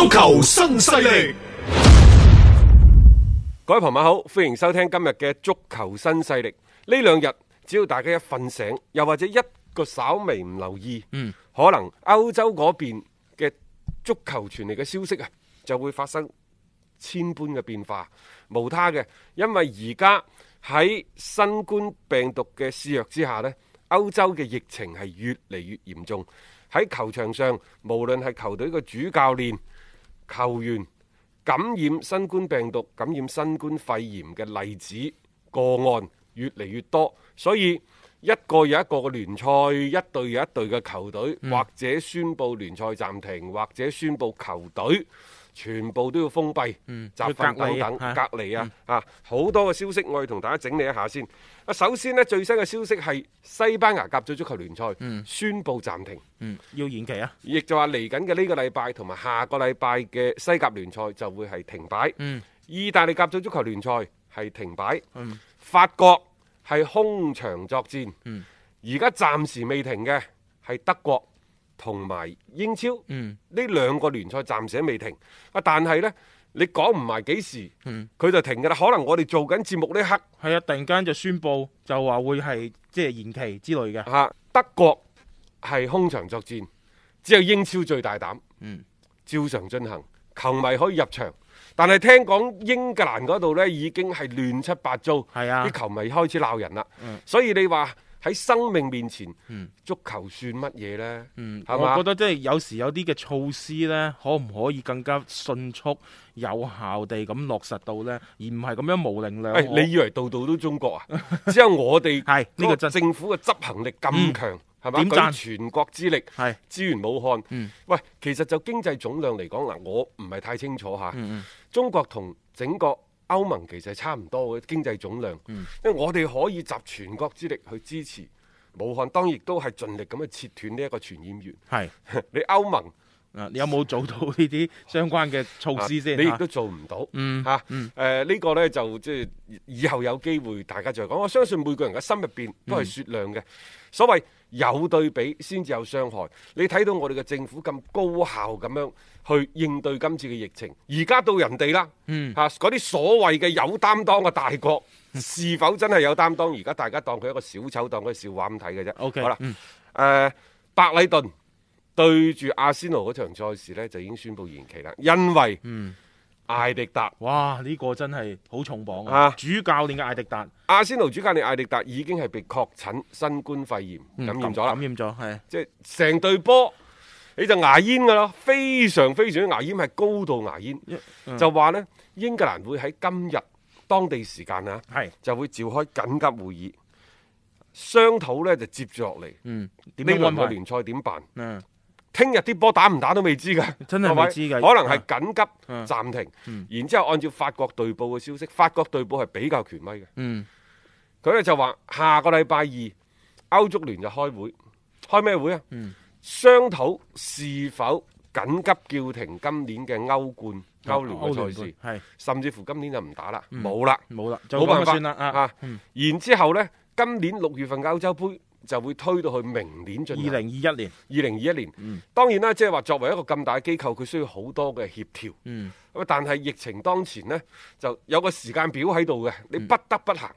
足球新勢力，各位朋友好，歡迎收聽今日嘅足球新勢力。呢兩日，只要大家一瞓醒，又或者一個稍微唔留意，嗯，可能歐洲嗰邊嘅足球傳嚟嘅消息啊，就會發生千般嘅變化，無他嘅，因為而家喺新冠病毒嘅肆虐之下咧，歐洲嘅疫情係越嚟越嚴重。喺球場上，無論係球隊嘅主教練、球員感染新冠病毒、感染新冠肺炎嘅例子個案越嚟越多，所以一個又一個嘅聯賽，一隊又一隊嘅球隊，或者宣布聯賽暫停，或者宣布球隊。全部都要封閉、嗯、集訓等等、隔離啊！啊，好、啊啊、多嘅消息，我要同大家整理一下先。啊，首先呢，最新嘅消息係西班牙甲組足球聯賽宣布暫停，嗯嗯、要延期啊！亦就話嚟緊嘅呢個禮拜同埋下個禮拜嘅西甲聯賽就會係停擺，嗯、意大利甲組足球聯賽係停擺，嗯、法國係空場作戰，而家、嗯、暫時未停嘅係德國。嗯嗯同埋英超，呢、嗯、兩個聯賽暫時未停，啊！但係呢，你講唔埋幾時，佢、嗯、就停噶啦。可能我哋做緊節目呢一刻，係啊，突然間就宣布就話會係即係延期之類嘅。吓、啊，德國係空場作戰，只有英超最大膽，嗯，照常進行，球迷可以入場。但係聽講英格蘭嗰度呢已經係亂七八糟，係啊，啲球迷開始鬧人啦，嗯、所以你話。喺生命面前，足球算乜嘢呢？係嘛？我覺得即係有時有啲嘅措施呢，可唔可以更加迅速、有效地咁落實到呢？而唔係咁樣無令量。你以為度度都中國啊？只有我哋係呢個政府嘅執行力咁強，係嘛？點全國之力係支援武漢？喂，其實就經濟總量嚟講嗱，我唔係太清楚吓。中國同整個。歐盟其實係差唔多嘅經濟總量，嗯、因為我哋可以集全國之力去支持武漢，當然亦都係盡力咁去切斷呢一個傳染源。係是 你歐盟。你有冇做到呢啲相關嘅措施先、啊？你亦都做唔到嗯。嗯，嚇、啊，嗯、呃，呢、這個呢，就即係以後有機會大家再講。我相信每個人嘅心入邊都係雪亮嘅。嗯、所謂有對比先至有傷害。你睇到我哋嘅政府咁高效咁樣去應對今次嘅疫情，而家到人哋啦，嗯，嗰啲、啊、所謂嘅有擔當嘅大國，嗯、是否真係有擔當？而家大家當佢一個小丑，當佢個笑話咁睇嘅啫。O K、嗯。好啦、嗯，誒白禮頓。嗯對住阿仙奴嗰場賽事呢，就已經宣布延期啦，因為嗯、艾迪達哇，呢、呢個真係好重磅啊！啊主教練嘅艾迪達、啊，阿仙奴主教練艾迪達已經係被確診新冠肺炎感染咗啦、嗯，感染咗係，即係成隊波你就牙煙噶啦，是非常非常之牙煙，係高度牙煙，嗯、就話呢，英格蘭會喺今日當地時間啊，係、嗯、是就會召開緊急會議，商討呢就接住落嚟，嗯，點樣兩個聯賽點辦？嗯。嗯聽日啲波打唔打都未知嘅，真係未知嘅，可能係緊急暫停，然之後按照法國隊報嘅消息，法國隊報係比較權威嘅，佢咧就話下個禮拜二歐足聯就開會，開咩會啊？商討是否緊急叫停今年嘅歐冠歐聯嘅賽事，甚至乎今年就唔打啦，冇啦，冇啦，冇辦法，啊啊！然之後咧，今年六月份嘅歐洲杯。就會推到去明年進二零二一年，二零二一年。嗯，當然啦，即係話作為一個咁大嘅機構，佢需要好多嘅協調。嗯，咁但係疫情當前呢，就有個時間表喺度嘅，你不得不行。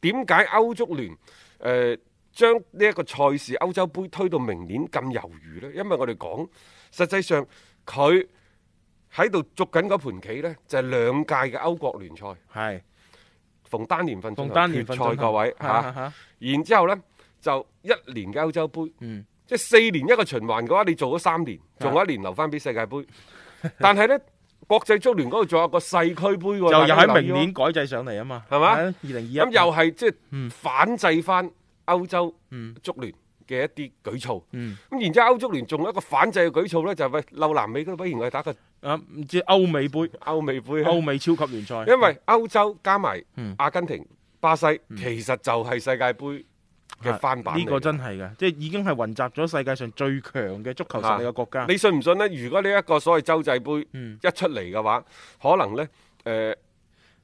點解歐足聯誒、呃、將呢一個賽事歐洲杯推到明年咁猶豫呢？因為我哋講，實際上佢喺度捉緊嗰盤棋呢，就係兩屆嘅歐國聯賽，係、嗯、逢單年份逢單年賽各位、 啊啊、然之後，後呢。就一年嘅歐洲杯，即係四年一個循環嘅話，你做咗三年，仲有一年留翻俾世界盃。但係咧，國際足聯嗰度仲有個世俱杯喎，又喺明年改制上嚟啊嘛，係咪？二零二一咁又係即係反制翻歐洲足聯嘅一啲舉措。咁然之後，歐足聯仲有一個反制嘅舉措咧，就係咪鬧南美嗰度，我哋打個啊唔知歐美杯、歐美杯、歐美超級聯賽。因為歐洲加埋阿根廷、巴西，其實就係世界盃。嘅翻版，呢、啊這個真係噶，即係已經係混雜咗世界上最強嘅足球實力嘅國家。啊、你信唔信呢？如果你一個所謂洲際杯一出嚟嘅話，嗯、可能呢誒、呃，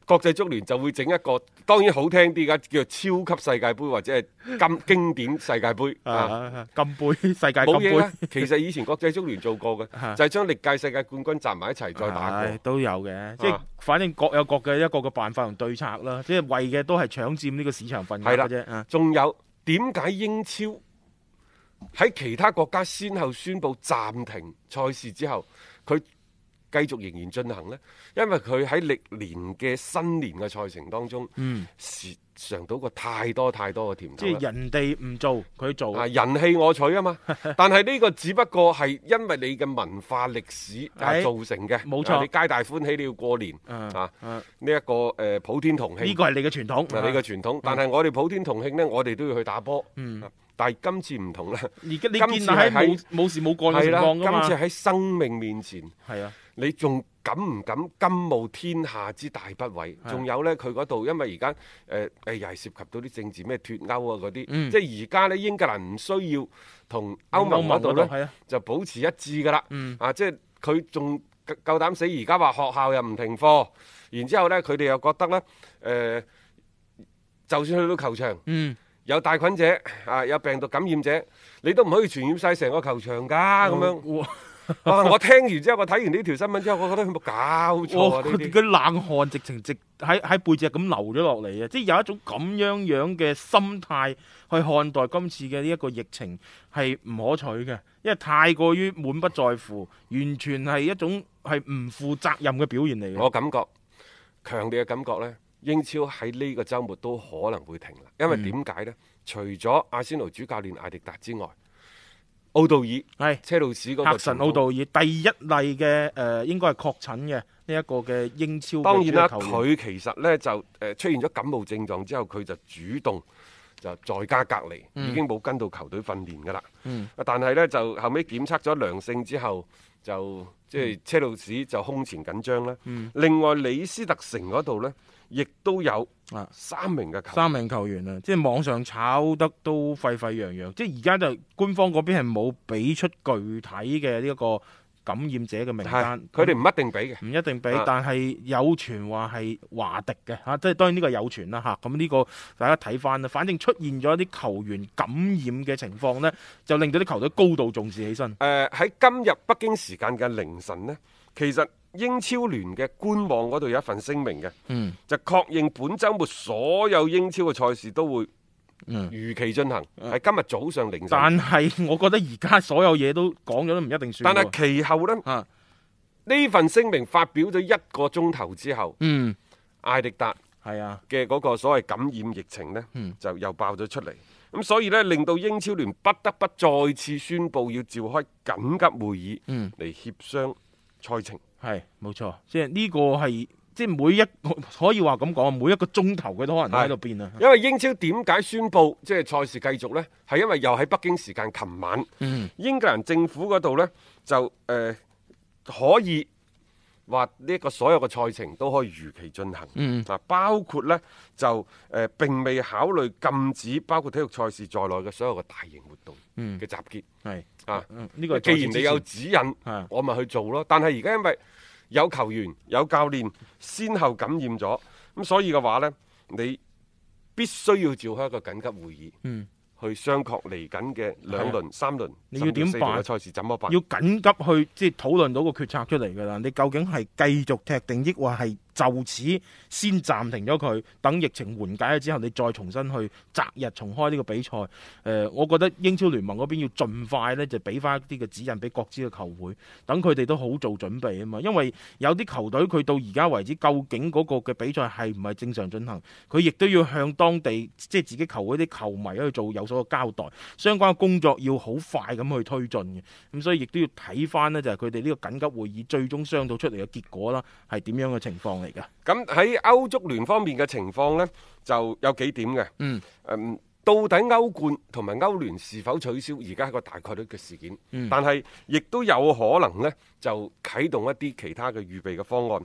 國際足聯就會整一個，當然好聽啲噶，叫做超級世界杯或者係金 經典世界杯啊，金杯、啊、世界杯、啊、其實以前國際足聯做過嘅，啊、就係將歷屆世界冠軍集埋一齊再打過，哎、都有嘅，啊、即係反正各有各嘅一個嘅辦法同對策啦，即係為嘅都係搶佔呢個市場份額啫啊，仲有。點解英超喺其他國家先後宣布暫停賽事之後，佢繼續仍然進行呢，因為佢喺歷年嘅新年嘅賽程當中，嗯，嘗到過太多太多嘅甜頭。即係人哋唔做，佢做，人氣我取啊嘛。但係呢個只不過係因為你嘅文化歷史造成嘅，冇錯。你皆大歡喜，你要過年啊，呢一個誒普天同慶。呢個係你嘅傳統，係你嘅傳統。但係我哋普天同慶呢，我哋都要去打波。但係今次唔同啦。而家你今次喺冇冇事冇過今次喺生命面前係啊。你仲敢唔敢甘冒天下之大不韙？仲有呢，佢嗰度，因為而家誒誒又係涉及到啲政治咩脫歐啊嗰啲，嗯、即係而家呢，英格蘭唔需要同歐盟嗰度呢，啊、就保持一致噶啦。嗯、啊，即係佢仲夠膽死，而家話學校又唔停課，然之後呢，佢哋又覺得呢，誒、呃，就算去到球場，嗯、有帶菌者啊，有病毒感染者，你都唔可以傳染晒成個球場㗎咁樣。嗯 啊、我聽完之後，我睇完呢條新聞之後，我覺得佢冇搞錯。佢 冷汗直情直喺喺背脊咁流咗落嚟啊！即係有一種咁樣樣嘅心態去看待今次嘅呢一個疫情係唔可取嘅，因為太過於滿不在乎，完全係一種係唔負責任嘅表現嚟嘅。我感覺強烈嘅感覺呢，英超喺呢個周末都可能會停啦。因為點解呢？嗯、除咗阿仙奴主教練艾迪達之外。奧杜爾係車路士嗰個神奧杜爾第一例嘅，誒、呃，應該係確診嘅呢一個嘅英超嘅球員。當然啦，佢、啊、其實咧就誒出現咗感冒症狀之後，佢就主動就在家隔離，嗯、已經冇跟到球隊訓練噶啦。嗯，但係咧就後尾檢測咗良性之後。就即係、就是、車路士就空前緊張啦。嗯、另外李斯特城嗰度咧，亦都有啊三名嘅球、啊，三名球員啊。即係網上炒得都沸沸揚揚，即係而家就官方嗰邊係冇俾出具體嘅呢、呢個。感染者嘅名單，佢哋唔一定俾嘅，唔一定俾，啊、但係有傳話係華迪嘅嚇，即、啊、係當然呢個有傳啦吓，咁、啊、呢、啊這個大家睇翻啦，反正出現咗啲球員感染嘅情況呢，就令到啲球隊高度重視起身。誒喺、呃、今日北京時間嘅凌晨呢，其實英超聯嘅官網嗰度有一份聲明嘅，嗯、就確認本週末所有英超嘅賽事都會，嗯，如期進行，係、嗯、今日早上凌晨。但係我覺得而家所有嘢都講咗都唔一定算。但係其後呢，啊，呢份聲明發表咗一個鐘頭之後，嗯，艾迪達係啊嘅嗰個所謂感染疫情呢、嗯、就又爆咗出嚟。咁、嗯、所以呢，令到英超聯不得不再次宣布要召開緊急會議，嗯，嚟協商賽程。係、嗯，冇錯。即係呢個係。即係每一個可以話咁講，每一個鐘頭佢都可能喺度變啦。因為英超點解宣布即係賽事繼續呢？係因為又喺北京時間琴晚，嗯、英格蘭政府嗰度呢，就誒、呃、可以話呢個所有嘅賽程都可以如期進行。嗯、啊，包括呢就誒、呃、並未考慮禁止包括體育賽事在內嘅所有嘅大型活動嘅集結、係、嗯、啊。呢、呃，這個既然你有指引，嗯、是我咪去做咯。但係而家因為有球員有教練先後感染咗，咁所以嘅話呢，你必須要召開一個緊急會議，嗯、去商確嚟緊嘅兩輪、的三輪、你要點辦？四輪嘅賽事怎麼辦？要緊急去即係討論到個決策出嚟㗎啦！你究竟係繼續踢定抑或係？就此先暫停咗佢，等疫情緩解咗之後，你再重新去擇日重開呢個比賽。誒、呃，我覺得英超聯盟嗰邊要盡快咧，就俾翻一啲嘅指引俾各支嘅球會，等佢哋都好做準備啊嘛。因為有啲球隊佢到而家為止，究竟嗰個嘅比賽係唔係正常進行？佢亦都要向當地即係自己球隊啲球迷去做有所嘅交代，相關嘅工作要好快咁去推進嘅。咁所以亦都要睇翻咧，就係佢哋呢個緊急會議最終商討出嚟嘅結果啦，係點樣嘅情況。嚟嘅，咁喺歐足聯方面嘅情況呢，就有幾點嘅。嗯，誒，到底歐冠同埋歐聯是否取消，而家係個大概率嘅事件。嗯，但係亦都有可能呢，就啟動一啲其他嘅預備嘅方案，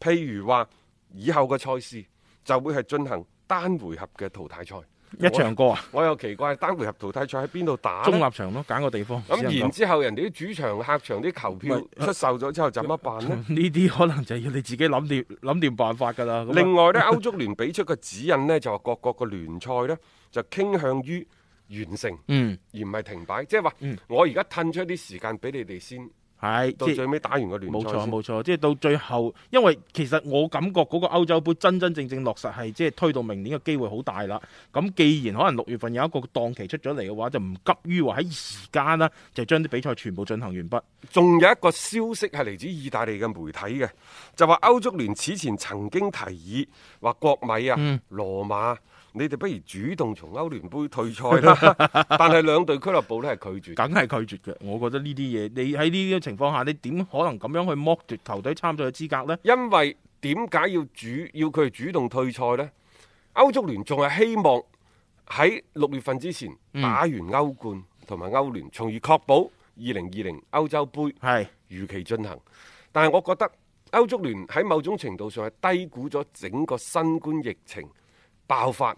譬如話以後嘅賽事就會係進行單回合嘅淘汰賽。一場過啊！我又奇怪，單回合淘汰賽喺邊度打？中立場咯，揀個地方。咁那然之後，人哋啲主場、客場啲球票出售咗之後，怎麼辦呢？呢啲，啊啊啊啊，可能就要你自己諗掂諗掂辦法噶啦。另外呢，歐足，啊，聯俾出個指引呢，就各國個聯賽呢，就傾向於完成，嗯，而唔係停擺，即係話，嗯、我而家褪出啲時間俾你哋先。係，到最尾打完個聯賽。冇錯冇錯，即係到最後，因為其實我感覺嗰個歐洲杯真真正正落實係即係推到明年嘅機會好大啦。咁既然可能六月份有一個檔期出咗嚟嘅話，就唔急於話喺而家呢，就將啲比賽全部進行完畢。仲有一個消息係嚟自意大利嘅媒體嘅，就話歐足聯此前曾經提議，話國米啊、嗯、羅馬，你哋不如主動從歐聯杯退賽啦。 但係兩隊俱樂部都係拒絕，梗係拒絕嘅。我覺得呢啲嘢，你喺呢情況下，你點可能咁樣去剝奪球隊參賽嘅資格呢？因為點解要主要佢哋主動退賽呢？歐足聯仲係希望喺六月份之前打完歐冠同埋歐聯，從、嗯、而確保二零二零歐洲杯如期進行。是但係我覺得歐足聯喺某種程度上係低估咗整個新冠疫情爆發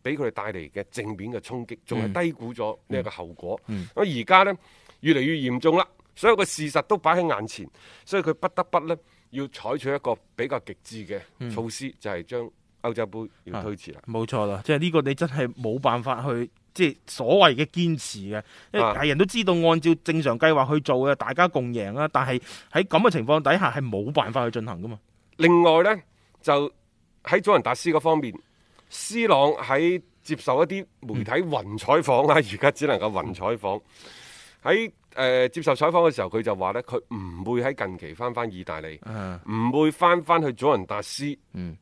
俾佢哋帶嚟嘅正面嘅衝擊，仲係低估咗呢一個後果。而家、嗯嗯、呢，越嚟越嚴重啦。所有嘅事實都擺喺眼前，所以佢不得不呢要採取一個比較極致嘅措施，嗯、就係將歐洲杯要推遲啦。冇錯啦，即係呢個你真係冇辦法去即係所謂嘅堅持嘅，因為大人都知道按照正常計劃去做嘅，啊、大家共贏啊！但係喺咁嘅情況底下係冇辦法去進行㗎嘛。另外呢，就喺祖雲達斯嗰方面，斯朗喺接受一啲媒體雲採訪啦，而家、嗯、只能夠雲採訪喺。嗯呃、接受採訪嘅時候，佢就話呢，佢唔會喺近期返返意大利，唔、uh huh. 會返返去祖雲達斯、uh huh.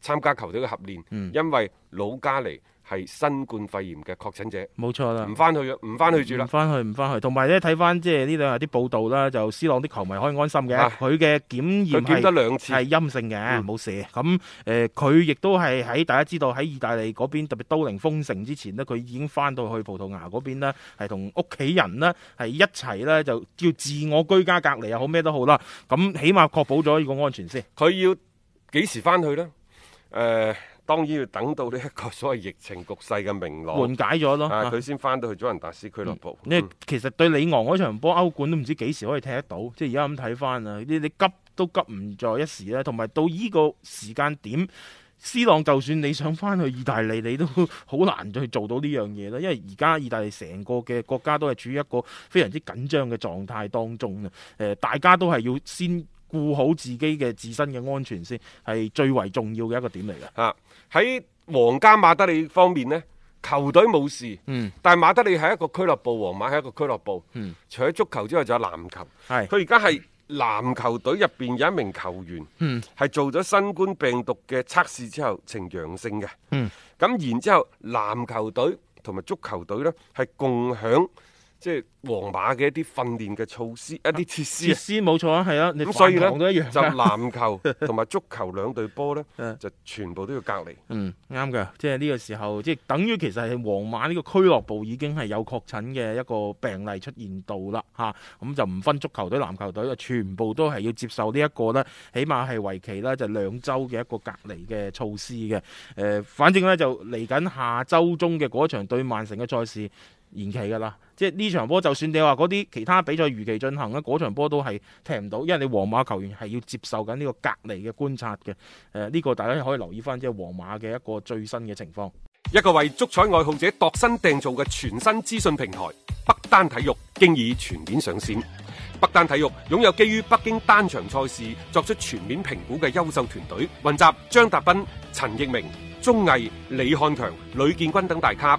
參加球隊嘅合練，uh huh. 因為老加尼。係新冠肺炎嘅確診者，冇錯啦，唔翻去，唔翻去住啦，唔翻去，唔翻去。同埋咧，睇翻即係呢兩日啲報道啦，就 C 朗啲球迷可以安心嘅，佢嘅檢驗得兩次，係陰性嘅，冇、嗯、事。咁誒，佢、呃、亦都係喺大家知道喺意大利嗰邊，特別都靈封城之前呢，佢已經翻到去葡萄牙嗰邊咧，係同屋企人咧係一齊咧，就叫自我居家隔離又好咩都好啦。咁起碼確保咗呢個安全先。佢要幾時翻去呢？誒、呃。當然要等到呢一個所謂疫情局勢嘅明朗，緩解咗咯，佢先翻到去祖雲達斯俱樂部。嗯嗯、其實對李昂嗰場波歐冠都唔知幾時可以踢得到，即係而家咁睇翻啊！你急都急唔在一時啦。同埋到呢個時間點，C 朗就算你想翻去意大利，你都好難再做到呢樣嘢啦。因為而家意大利成個嘅國家都係處於一個非常之緊張嘅狀態當中啊！誒、呃，大家都係要先顧好自己嘅自身嘅安全先，係最為重要嘅一個點嚟嘅。啊！喺皇家馬德里方面呢，球隊冇事，嗯，但係馬德里係一個俱樂部，皇馬係一個俱樂部，嗯，除咗足球之外仲有籃球，係，佢而家係籃球隊入邊有一名球員，嗯，係做咗新冠病毒嘅測試之後呈陽性嘅，嗯，咁然之後籃球隊同埋足球隊呢係共享。即係皇馬嘅一啲訓練嘅措施，啊、一啲設施。設施冇錯啊，係咯的。咁所以咧，就籃球同埋足球兩隊波呢，就全部都要隔離。嗯，啱嘅，即係呢個時候，即係等於其實係皇馬呢個俱樂部已經係有確診嘅一個病例出現到啦，嚇、啊。咁就唔分足球隊、籃球隊，全部都係要接受呢、這、一個咧，起碼係為期呢就是、兩週嘅一個隔離嘅措施嘅。誒、呃，反正呢，就嚟緊下週中嘅嗰場對曼城嘅賽事。延期噶啦，即係呢場波，就算你話嗰啲其他比賽如期進行咧，嗰場波都係踢唔到，因為你皇馬球員係要接受緊呢個隔離嘅觀察嘅。誒、呃、呢、這個大家可以留意翻，即係皇馬嘅一個最新嘅情況。一個為足彩愛好者度身訂造嘅全新資訊平台北單體育，經已全面上線。北單體育擁有基於北京單場賽事作出全面評估嘅優秀團隊，雲集張達斌、陳奕明、鐘毅、李漢強、呂建軍等大咖。